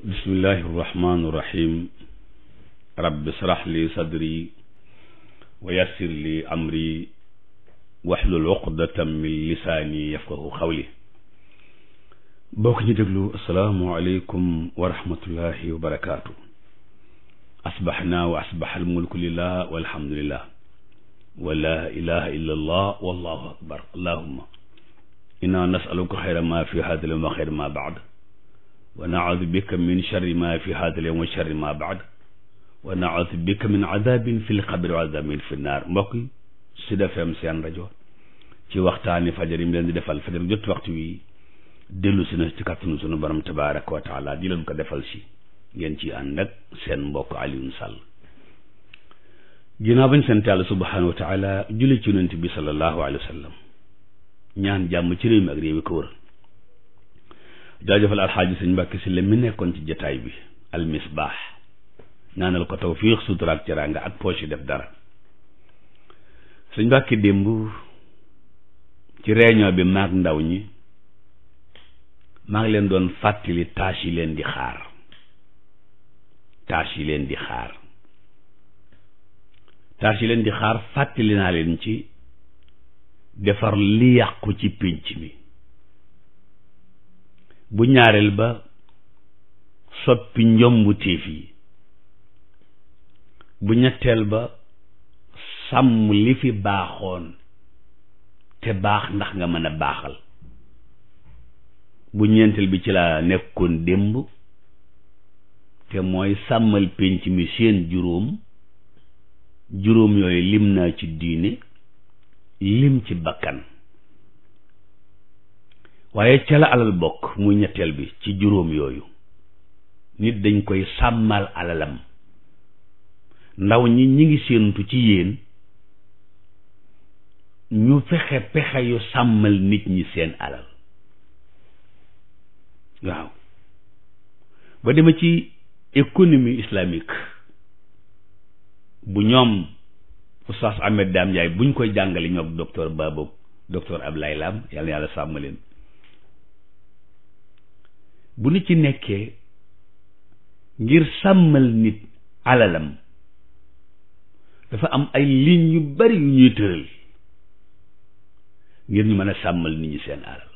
bismillahi irrahmani irrahim rabbi srah li sadri wa yassir li amri waxlul uqdatam min lisaani yafqahu xawli bokk ñu déglu asalaamualeykum wa rahmatullahi wa barakaatu asbaxnaa wa asbax almulku lillah walhamdulillah wa la ilaha illa allah wallahu akbar allahuma inna nasaluka xayra ma fi hada l yawm wa xayra ma baad wa naudu bika min charri ma fi haadal yawm wa charri ma baad wa naudu bika min adabin fi lxabri wa adabin fi naar mbokk yi Sud FM seen rajo ci waxtaani fajar yi mu leen di defal fajar jot waxtu wi dellu si na ci kàttanu sunu borom tabaraka wa taala di leen ko defal si ngeen ci ànd ak seen mbokk Alioune Sall ginnaaw bañ sant Yàlla subhanahu wa taala julli ci yonent bi sallallahu alayhi wa sallam ñaan jàmm ci réew mi ak réew yi ko wër jaajëfal alxaaji sëñ si Sylla mi nekkoon ci jataay bi almisbaax ñaanal ko tawfiix sutura ak teraanga ak poche def dara sëñ Mbàkke démb ci réunion bi maag ndaw ñi maa ngi leen doon fàttali tâche yi leen di xaar tâche yi leen di xaar leen di xaar fàttali naa leen ci defar li yàqu ci pénc mi bu ñaareel ba soppi njombu téef yi bu ñetteel ba sàmm li fi baaxoon te baax ndax nga mën a baaxal bu ñeenteel bi ci laa nekkoon démb te mooy sàmmal pénc mi seen juróom juróom yooyu lim naa ci diine lim ci bakkan waaye ca la alal bokk mu ñetteel bi ci juróom yooyu nit dañ koy sàmmal alalam ndaw ñi ñi ngi séentu ci yéen ñu fexe pexe yu sàmmal nit ñi seen alal waaw ba dema ci économie islamique bu ñoom oustaz Ahmed Dame Ndiaye buñ koy jàngale ñoom docteur Babou docteur ab Lam yàlla yàlla sàmm bu nu ci nekkee ngir sàmmal nit alalam dafa am ay ligne yu bari yu ñuy tëral ngir ñu mën a sàmmal nit ñi seen alal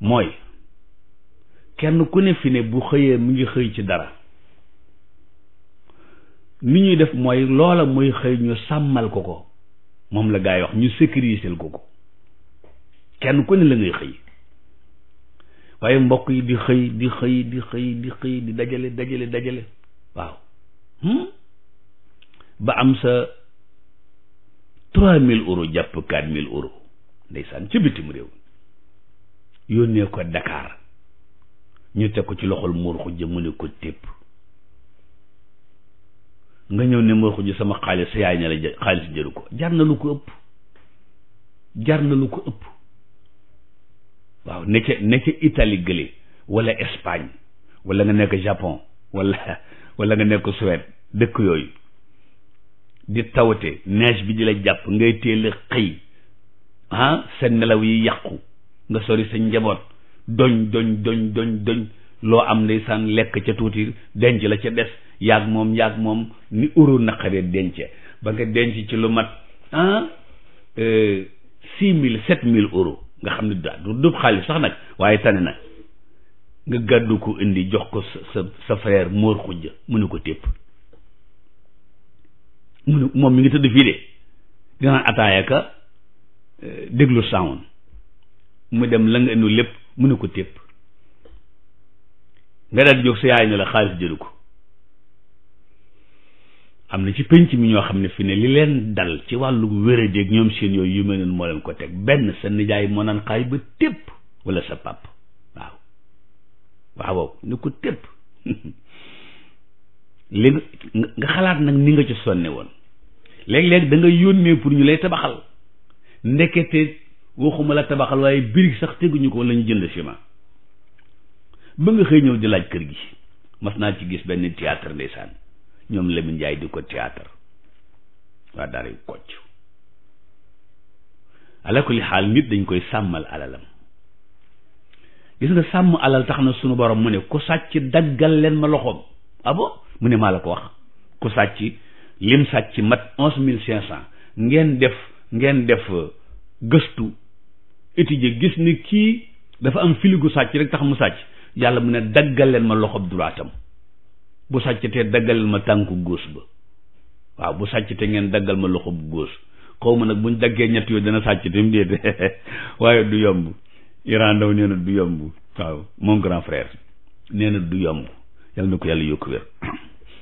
mooy kenn ku ne fi ne bu xëyee mu ngi xëy ci dara ni ñuy def mooy loola muy xëy ñu sàmmal ko ko moom la gaa yi wax ñu sécuriser ko ko kenn ku ne la ngay xëy waaye mbokk yi di xëy di xëy di xëy di di dajale dajale dajale waaw hmm? ba am sa trois mille euros jàpp quatre mille euros ndeysaan ci bitim réew yónnee ko Dakar ñu teg ko ci loxol muur xujja mu ne ko tépp nga ñëw ne muur xujja sama xaalis sa yaay ne la xaalis jëru ko jar na lu ko ëpp jar na lu ko ëpp waaw ne ca ne ca Italie gële wala Espagne wala nga nekk Japon wala wala nga nekk Suède dëkk yooyu di tawte neige bi di la jàpp ngay teel a xëy ah sa yi yàqu nga sori sa njaboot doñ doñ doñ doñ doñ loo am ndeysaan lekk ca tuuti denc la ca des yaag moom yaag moom ni uru naqaree dence ba nga denc ci lu mat ah euh, six mille sept mille euros nga xam ne daa du dub xaalis sax nag waaye tane na nga gàddu ko indi jox ko sa sa frère Mor Khoudia mu ne ko tépp mu ne moom mi ngi tëdd fii de di naan ataaya eh, déglu sound mu dem la nga indi lépp mu ne ko tépp nga daal di jóg sa yaay ne la xaalis jëru ko am na ci penc mi ñoo xam ne fi ne li leen dal ci wàllu wàllum wéradéeg ñoom seen yooyu yu mel noonu moo leen ko teg benn sa nijaay moo naan xaay ba tépp wala sa pàpp waaw waaw ni ko tépp léegi nga xalaat nag ni nga ci sonne woon léeg-léeg da nga yónnee pour ñu lay tabaxal ndekete waxuma la tabaxal waaye birig sax teguñu ko la ñu jënd ciment ba nga xëy ñëw di laaj kër gi mas naa ci gis benn théâtre ndeysaan ñoom Lamine Ndiaye di ko théâtre waa dara yu kocc ala kulli xaal nit dañ koy sàmmal alalam gis nga sàmm alal tax na sunu borom mu ne ku sàcc daggal leen ma loxoom ah mu ne maa la ko wax ku sàcc lim sàcc mat onze mille cinq cent ngeen def ngeen def euh, gëstu étudier gis ni kii dafa am filigu sàcc rek tax mu sàcc yàlla mu ne daggal leen ma loxoom duraatam bu sàccatee daggaleel ma tànku góos ba waaw bu sàccatee ngeen daggal ma loxo bu góos xaw ma nag buñ daggee ñett yooyu dana sàcc te mu déete waaye du yomb Iran Ndaw nee na du yomb waaw mon grand frère nee du yomb yal na ko yàlla yokku wér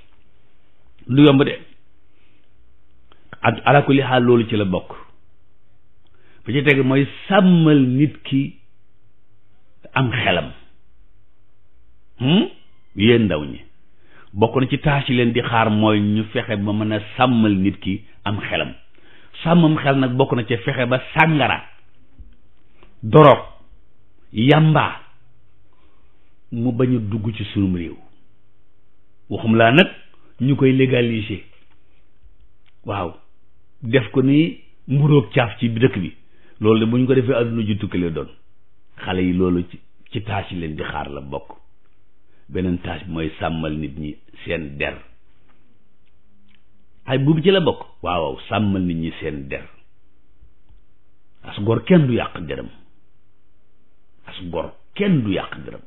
du yomb de ak ala kulli xaal loolu ci la bokk ba ci teg mooy sàmmal nit ki am xelam hmm? yéen ndaw ñi bokk na ci taas yi leen di xaar mooy ñu fexe ba mën a sàmmal nit ki am xelam sàmmam xel nag bokk na ci fexe ba sàngara dorog yàmbaa mu bañ dugg ci sunum réew waxum laa nag ñu koy légaliser waaw def ko ni mburóog caaf ci dëkk bi loolu de bu ñu ko defee àdduna ju tukkale doon xale yi loolu ci ci taas yi leen di xaar la bokk beneen tâche bi mooy sàmmal nit ñi seen der ay boobu ci la bokk waaw sàmmal nit ñi seen der as gor kenn du yàq deram as gor kenn du yàq deram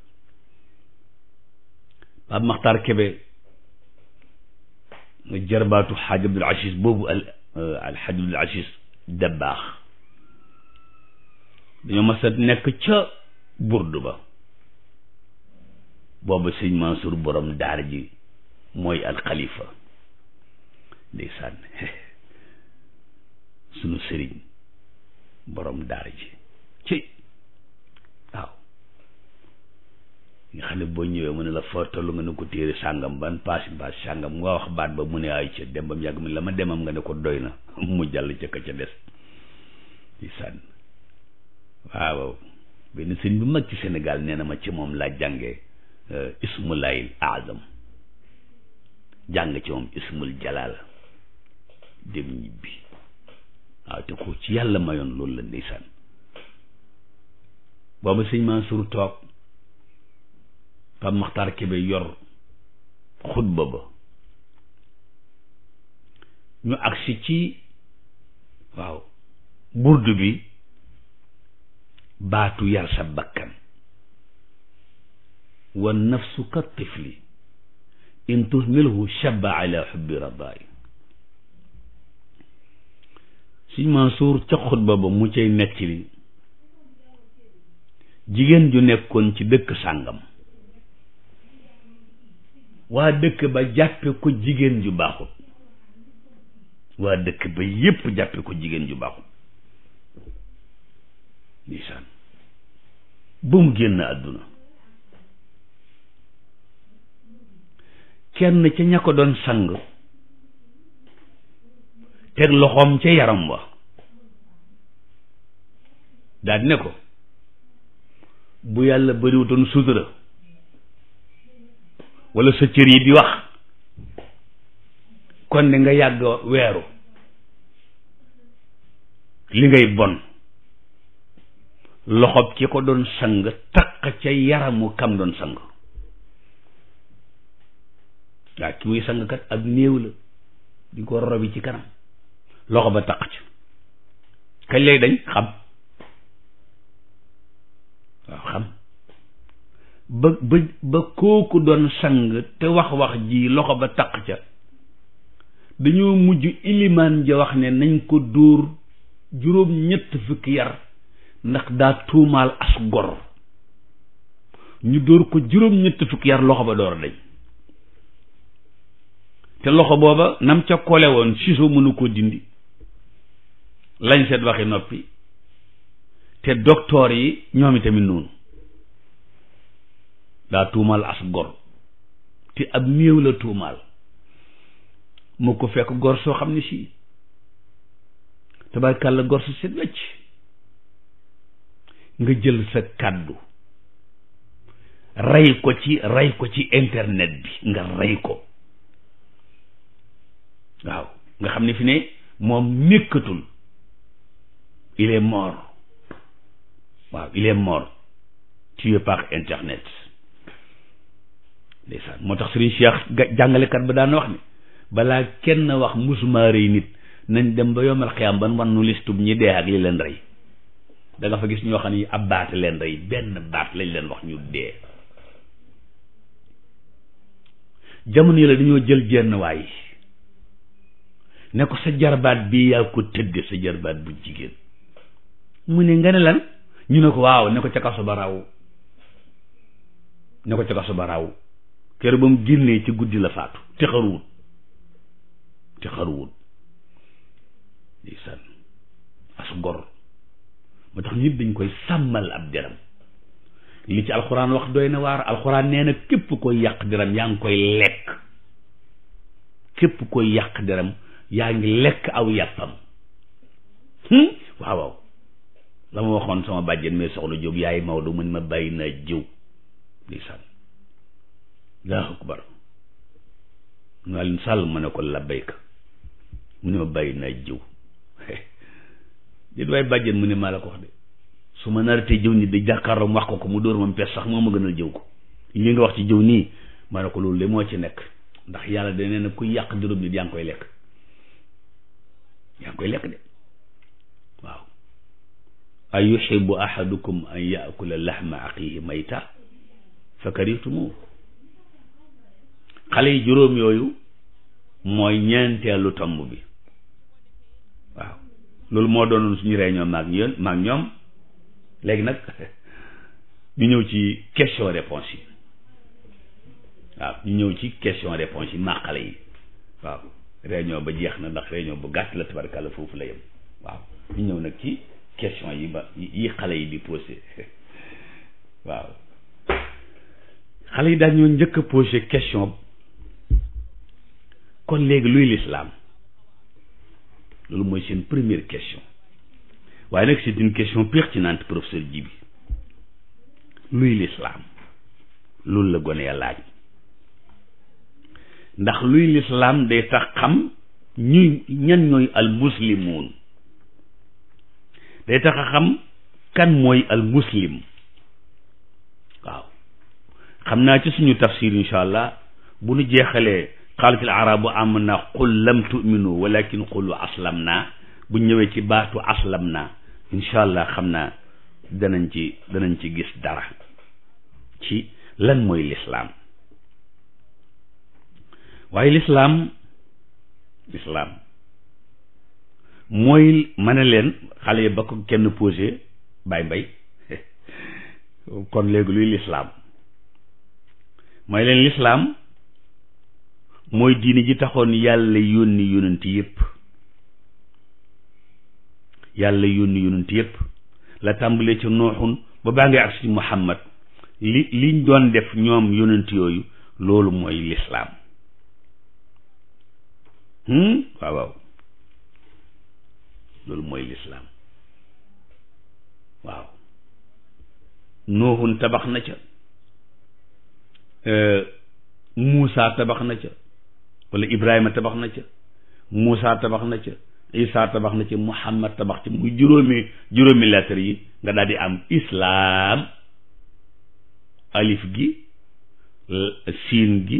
Pape Makhtar Kébé nga jarbaatu xaaj Abdul Aziz boobu al euh, alxaaj Abdul Aziz Dabaax dañoo mas a nekk ca burdu booba sëñ Mansour boroom daar ji mooy alxalifa ndeysaan sunu sëriñ borom daar ji ci waaw nga xam ne boo ñëwee mu ne la foo toll nga ne ko téere sàngam ban paas paas sàngam nga wax baat ba mu ne ay ca dem ba mu yàgg mu ne la ma demam nga ne ko doy na mu jàll ca ka ca des di sànn waaw benn sëñ bu mag ci Sénégal nee na ma ci moom laa jànge Eh, ismulayil azam jàng ci moom ismul jalaal dem ñibbi waaw te ku ci yàlla mayoon loolu la ndeysaan booba sëñ Mansour toog Pape Makhtar Kébé yor xutba ba ñu agsi ci waaw burdu bi baatu yar sa bakkan wa nafsu ka tifli in tuhmilhu shabba ala hubbi rabbaay si Mansour ca xutba ba mu cay nekk jigéen ju nekkoon ci dëkk sàngam waa dëkk ba jàppe ko jigéen ju baaxut waa dëkk ba yépp jàppe ko jigéen ju baaxut ndeysaan ba mu génn àdduna kenn ca ña ko doon sang teg loxoom ca yaram wa daal ne ko bu yàlla bariwutoon sutura wala sa cër yi di wax kon di nga yàgg weeru li ngay bon loxob ki ko doon sang taq ca yaramu kam doon sang waaw ki muy sangkat ab néew la di ko robi ci kanam loxo ba taq ci kañ lay dañ xam waaw xam ba ba ba kooku doon sang te wax-wax ji loxo ba taq ca dañoo mujj ilimaan ja wax ne nañ ko dóor juróom ñett fukki yar ndax daa tuumaal as gor ñu dóor ko juróom ñett fukki yar loxo ba door a dañ te loxo booba nam ca kole woon siso mënu koo dindi lañ seet waxi noppi te docteur yi ñoom itamit noonu daa tuumaal as gor te ab néew la tuumaal mu ko fekk gor soo xam ne si tabarkàlla gor su set wecc nga jël sa kàddu rey ko ci rey ko ci internet bi nga rey ko waaw nga xam ne fi ne moom nekkatul il est mort waaw il est mort tué par internet moo tax Serigne Cheikh jàngalekat ba daan wax ni balaa kenn wax musuma rëy nit nañ dem ba yomal xiyam ban wan nu listub ñi dee ak li leen rey da fa gis ñoo xam yi ab baat leen rey benn baat lañ leen wax ñu dee jamono yi la dañoo jël jenn waay ne ko sa jarbaat bi yaa ko tëdde sa jarbaat bu jigéen mu ne nga ne lan ñu ne ko waaw ne ko ca kaso ba raw ne ko ca kaso ba raw kër ba mu génnee ci guddi la faatu te xaruwut te xaruwut ndeysaan moo tax nit dañ koy sàmmal ab deram li ci alxuraan wax doy na waar alxuraan nee na képp ko yàq deram yaa ngi koy lekk képp ko yàq deram yaa ngi lekk aw yàppam hmm? waaw waaw la ma waxoon sama bàjjen mi soxla jóg yaay Maodo mu ne ma bàyyi naa jiw di sànn sàll ma ne ko labbayka mu ne ma bàyyi naa jiw déet waaye bàjjen mu ne maa la ko wax de su ma naratee jëw ni di jàkkaarloo mu wax ko ko mu dóor ma pes sax moo ma gënal jëw ko li nga wax ci jëw nii ma ne ko loolu de moo ci nekk ndax yàlla da nee na kuy yàq juróom bi yaa ngi koy lekk yaa ngi koy lekk de waaw a yuxibu ahadukum an yaakula laxma axihi mayta fa karitumu xale yi juróom yooyu mooy ñeenteelu tomb bi waaw loolu moo doonoon suñu réunion maag ñoom maag ñoom léegi nag ñu ñëw ci question réponse yi waaw ñu ñëw ci question réponse yi maa xale yi waaw réunion ba jeex na ndax réunion ba gàtt la tabarkàlla foofu la yem waaw ñu ñëw nag ci question yi ba yi xale yi di posé waaw xale yi daal ñoo njëkk a posé question kon léegi luy lislaam loolu mooy seen première question waaye nag c'est une question pertinente professeur Djibi luy lislaam loolu la gone ya laaj ndax luy lislaam day tax xam ñuy ñan ñooy almuslimuun day tax xam kan mooy almuslim waaw xam naa ci suñu tafsir incha allah bu nu jeexalee xaalatil arabu amanna qul lam tuminu walakin qulu aslam bu ñëwee ci baatu aslam naa allah xam naa danañ ci danañ ci gis dara ci lan mooy lislaam waaye lislaam lislaam mooy ma leen xale yi ba ko kenn posé bay mbay kon léegi luy lislaam mooy leen lislaam mooy diini ji taxoon yàlla yónni yónent yépp yàlla yónni yónent yépp la tàmbalee ci nooxun ba baa ngi ak si muhammad li liñ doon def ñoom yónent yooyu loolu mooy lislaam Hmm? waaw waaw loolu mooy lislaam waaw noohun tabax na ca euh, Muusa tabax na ca wala Ibrahima tabax na ca Muusa tabax na ca Isa tabax na ca Muhammad tabax ca muy juróomi juróomi lettre yi nga daal di am islaam alif gi siin gi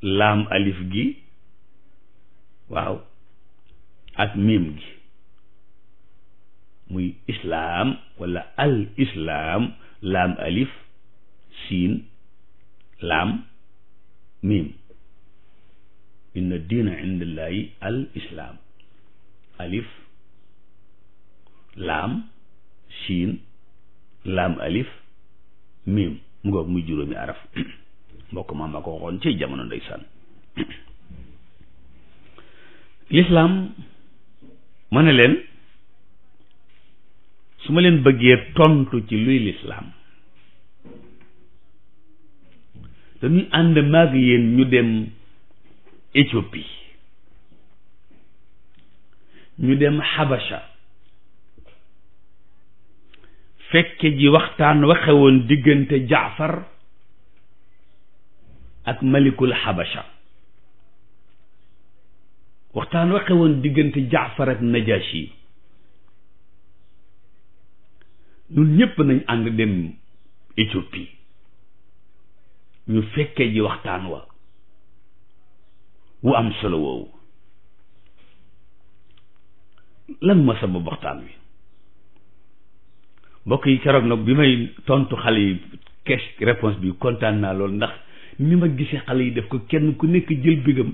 laam alif gi waaw ak miim gi muy islaam walla al islaam laam alif siin laam miim inna diina indallaahi alif laam siin laam alif miim mu ngoog muy juróomi araf mbokk ma ma ko waxoon ci jamono ndeysaan lislaam ma ne leen su ma leen bëggee tontu ci luy lislaam dañuy ànd maag yeen ñu dem Éthiopie ñu dem Habasha fekke ji waxtaan waxewoon diggante Jaafar ak malikul Habasha waxtaan waxe woon diggante jaafar ak najaas yi ñun ñépp nañ ànd dem Éthiopie ñu fekkee ji waxtaan wa wu am solo woowu lan ma sabab waxtaan wi mbokk yi keroog nag bi may tontu xale yi kes réponse bi kontaan naa loolu ndax ni ma gisee xale yi def ko kenn ku nekk jël bigam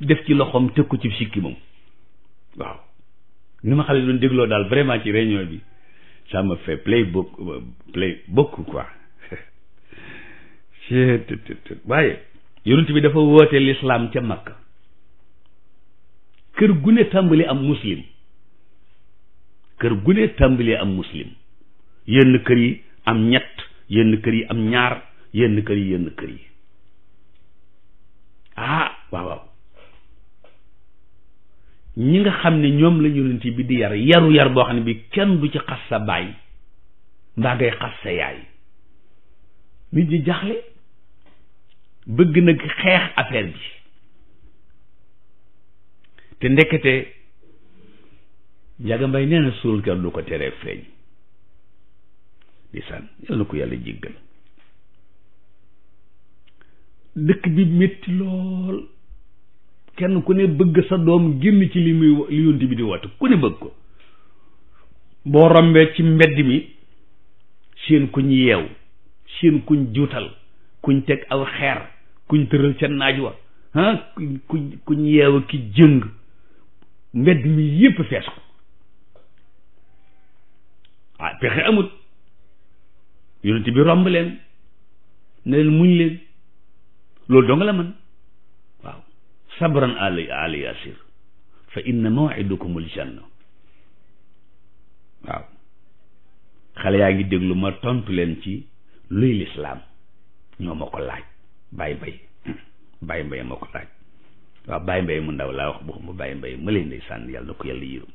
def ci loxoom teg ko ci sikki moom waaw ni ma xale doon dégloo daal vraiment ci réunion bi sama me fait play beaucoup play beaucoup quoi waaye yonent bi dafa woote lislaam ca Makka kër gune tàmbali am muslim kër gu ne tàmbali am muslim yenn kër yi am ñett yenn kër yi am ñaar yenn kër yi yenn kër yi ah waaw waaw ñi nga xam ne ñoom la yonent bi di yar yaru yar boo xam ne bi kenn du ci xas sa baay mbaa ngay xas sa yaay nit ñi jaxle bëgg nag xeex affaire bi te ndekete njaga mbay nee na suul kër du ko teree feeñ di san yal na ko yàlla jéggal dëkk bi metti lool kenn ku ne bëgg sa doom génn ci li muy li yonti bi di woote ku ne bëgg ko boo rombee ci mbedd mi seen kuñ yeew seen kuñ juutal kuñ teg aw xeer kuñ tëral ca naaj wa ah kuñ kuñ yeew ki jëng mbedd mi yépp fees ko ah amut yonent bi romb leen ne leen muñ leen loolu dong la mën sabran ali ali yasir fa inna maw'idukumul janna waaw xale yaa ngi déglu ma tontu leen ci luy lislaam ñoo ma ko laaj bàyyi mbay bàyyi mbay ma ko laaj waaw bàyyi mbay mu ndaw laa wax bu mu bàyyi mbay ma leen day sànn yàlla na yàlla yërëm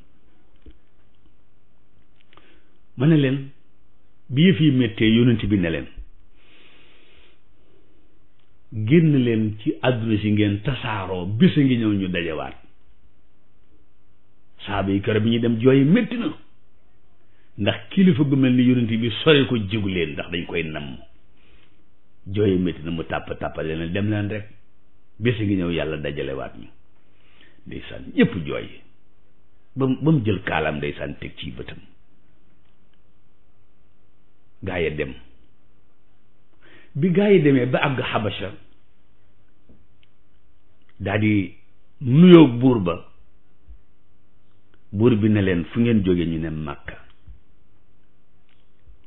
ma ne leen bi yëf yi méttee yonent bi ne leen génn leen ci àdduna si ngeen tasaaroo bés a ngi ñëw ñu dajewaat saaba yi kër bi ñuy dem jooy métti na ndax kilifa gu mel ni yonent bi sore ko jigu leen ndax dañ koy namm jooy métti na mu tàpp tàppale leen dem leen rek bés a ngi ñëw yàlla dajalewaat ñu ndeysaan yépp jooy ba mu ba mu jël kaalaam ndeysaan teg ci bëtam gaa ya dem bi gaa yi demee ba àgg xabasha daal di buur ba buur bi ne leen fu ngeen jóge ñu ne màkka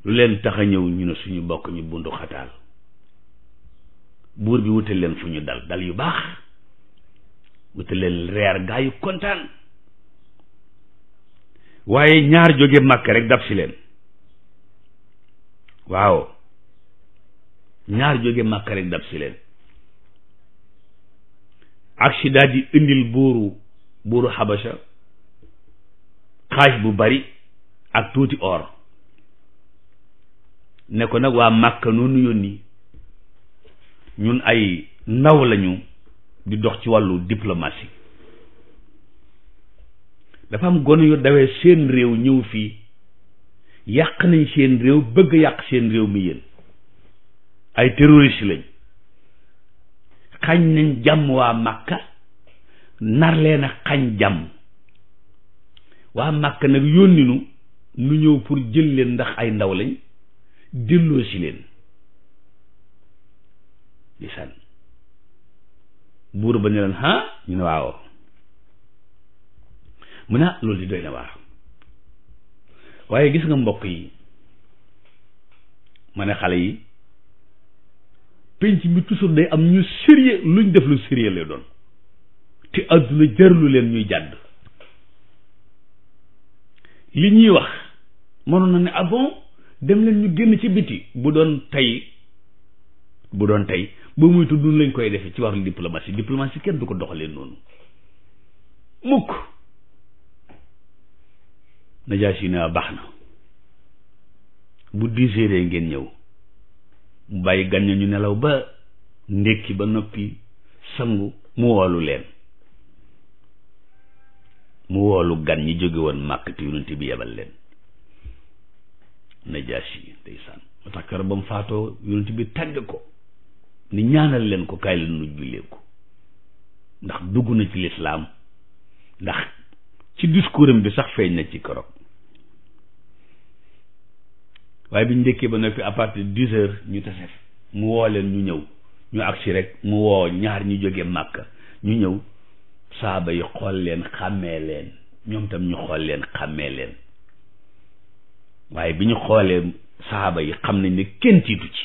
lu leen tax ñëw ñu ne suñu bokk ñu bundu buur bi wutal leen fu ñu dal dal yu baax wutal leen reer gaa yu kontaan waaye ñaar jóge màkk rek dab si leen waaw ñaar jóge màkka rek dab si leen ak si daal indil buuru buuru xabasa xaaj bu bari ak tuuti or ne ko nag waa màkka noonu yónni ñun ay ndaw lañu di dox ci wàllu diplomatie dafa am gone yu dawee seen réew ñëw fii yàq nañ seen réew bëgg yàq seen réew mi yéen ay terroriste lañ xañ nañ jàmm waa Makka nar leen a xañ jàmm waa Makka nag yónni nu ñëw pour jël leen ndax ay ndaw lañ delloo si leen lisaan buur ba ne leen ah ñu ne waaw mu ne ah, loolu di doy na waar waaye gis nga mbokk yi ma ne xale yi penc mi toujours day am ñu sérieux luñ def lu sérieux lay doon te àdduna lu leen ñuy jàdd li ñuy wax mënoon na ne ah dem leen ñu génn ci biti bu doon tey bu doon tey ba muy tudd nun lañ koy defee ci wàllu diplomatie diplomatie kenn du ko doxalee noonu mukk najaasi naa ah, baax na bu dix heures ngeen ñëw mu bàyyi gan ñu nelaw ba ndékki ba noppi sangu mu woolu leen mu woolu gan ñi jóge woon màkk te yonent bi yebal leen najaasi yi ndeysaan moo tax kër ba mu faatoo yonent bi tàgg ko ni ñaanal leen ko kaay leen nu jullee ndax dugg na ci lislaam ndax ci discours am bi sax feeñ na ci korog waaye bi ñu njëkkee ba noppi à partir de dix heures ñu tase mu woo leen ñu ñëw ñu agsi rek mu woo ñaar ñu jóge màkka ñu ñëw saaba yi xool leen xàmmee leen ñoom tam ñu xool leen xàmmee leen waaye bi ñu xoolee saaba yi xam nañ ni kenn tiitu ci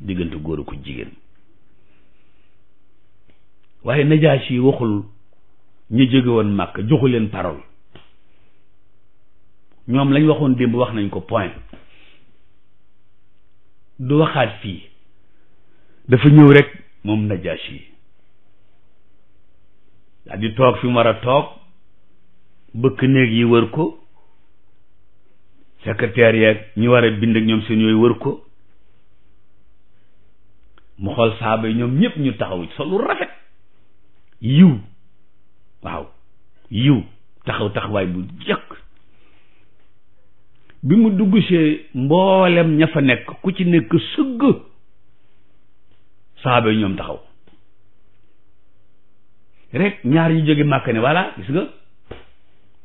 diggante góor ko jigéen waaye najaas si waxul ñu jóge woon màkk joxu leen parole ñoom lañ waxoon démb wax nañ ko point du waxaat fii dafa ñëw rek moom najaas yi daal di toog fi mu war a toog bëkk néeg yi wër ko secrétaire yeeg ñi war a bind ak ñoom seen yooyu wër ko mu xool saaba yi ñoom ñëpp ñu taxaw solu rafet yiw waaw yiw taxaw taxawaay bu jëkk bi mu dugg see mboolem ña fa nekk ku ci nekk sëgg saaba yi ñoom taxaw rek ñaar ñu jóge màkk ne voilà gis nga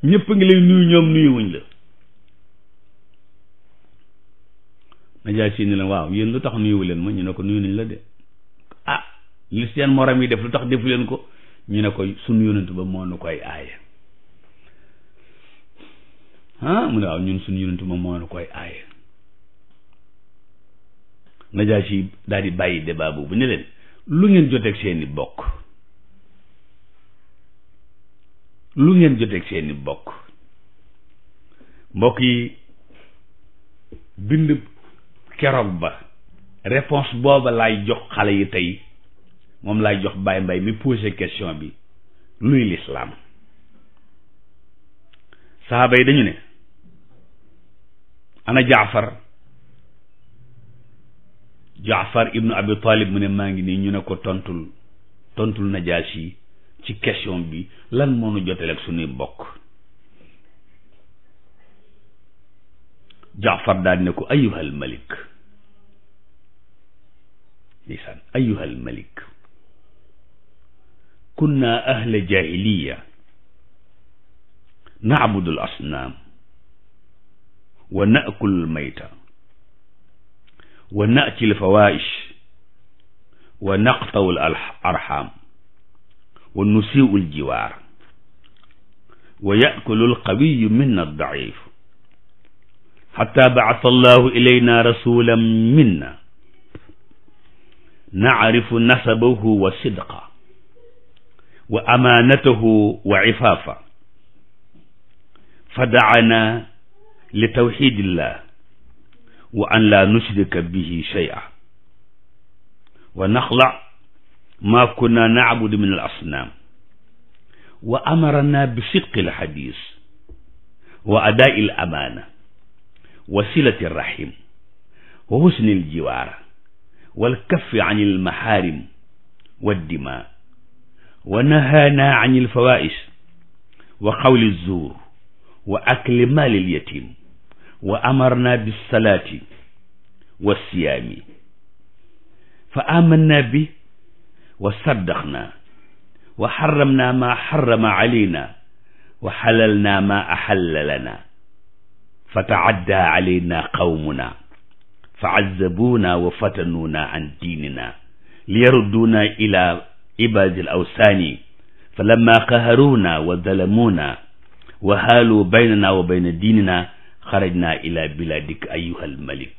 ñëpp ngi lay nuyu ñoom nuyuwuñ la najaay si ni leen waaw yéen lu tax nuyuwu leen ma ñu ne ko nuyu nañ la de ah li seen morom yi def lu tax defu leen ko ñu ne ko sunu yonent ba moo nu koy aaye ah mu ne waaw ah, ñun suñu yonent moom moo koy aaye Najaasi daal di bàyyi débat boobu ne leen lu ngeen joteeg seeni bokk lu ngeen joteeg seeni bokk mbokk yi bind keroog ba réponse booba laay jox xale yi tey moom laay jox Baye Mbaye mi posé question bi luy lislaam saxaaba yi dañu ne ana jaafar jaafar ibnu abi talib mu ne maa ngi nii ñu ne ko tontul tontul najaas yi ci question bi lan moo nu joteel ak suñuy bokk jaafar daal ne ko ayyuhal malik lisaan ayyuhal malik kunna ahla jahiliya na'budul asnaam wa naakulul mayta wa natil fawaish wa naqtawul arxam wa nusiul jiwaar wa yaakulul qawiyu minna addaif xata bacata allahu ilayna rasulan minna nacrifu nasabahu wa sidqa wa amaanatahu wa cifaafa fa dacanaa li tawxidillah wa an laa nushrika bihi shay'a wa naxla maa kunna naabudu min al asnaam wa amarana bi sidqi al xadis wa adaa'i al amaana wa silati rahim wa husni al jiwaara wal kaffi an al maxaarim wad dimaa wa nahaanaa an al fawaahis wa qawli zuur wa akli maali al yatiim wa amarna bisalaati wa siyaami fa amanna bi wa saddaxna wa xaramna ma xarama alayna wa xalalna ma axalla lana fa taadda alayna qawmuna fa azzabuuna wa fatanuuna an diinina liyarudduuna ila ibaadi al awsaani fa lamma qaharuuna wa zalamuuna wa haalu baynana wa bayna diinina xaraj naa ila biladik ayuhal malik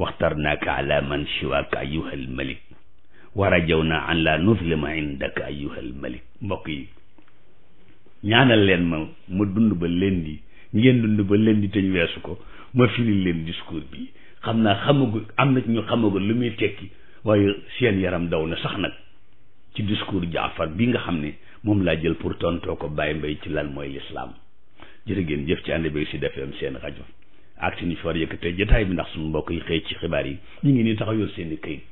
waxtar naaka ala man siwaaka ayuhal malik wa rajaw naa an la nuslima indaka ayuhal malik mbokk yi ñaanal leen ma ma dund ba leen di ngeen dund ba leen di te ñu weesu ko ma firi leen discours bi xam naa xamagu am na ñu xamagu lu muy tekki waaye seen yaram daw na sax nag ci discours jaafar bi nga xam ne moom laa jël pour tontoo ko bàyyi mbay ci lan mooy lislaam jërë ngeen jëf ci ànd bi si defeem seen rajo ak suñu fi war a yëkkatee jotaay bi ndax suñu mbokk yi xëy ci xibaar yi ñu ngi nii taxaw yor seen i këyit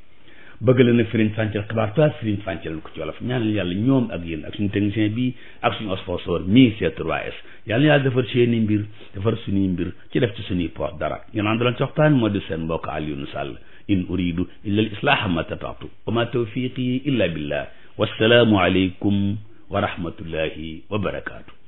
bëgg la nag firiñ fàncal xibaar pas firiñ fàncal ko ci wolof ñaanal yàlla ñoom ak yéen ak suñu technicien bi ak suñu sponsor mii C3S yàlla yàlla defar seen i mbir defar suñuy mbir ci def ci suñuy poos dara ngeen àndaloon ci waxtaan moo di seen mbokk Alioune Sall in uridu illa al islaaha ma tataatu wa ma tawfiqi illa billah wassalaamu aleykum wa rahmatullahi wa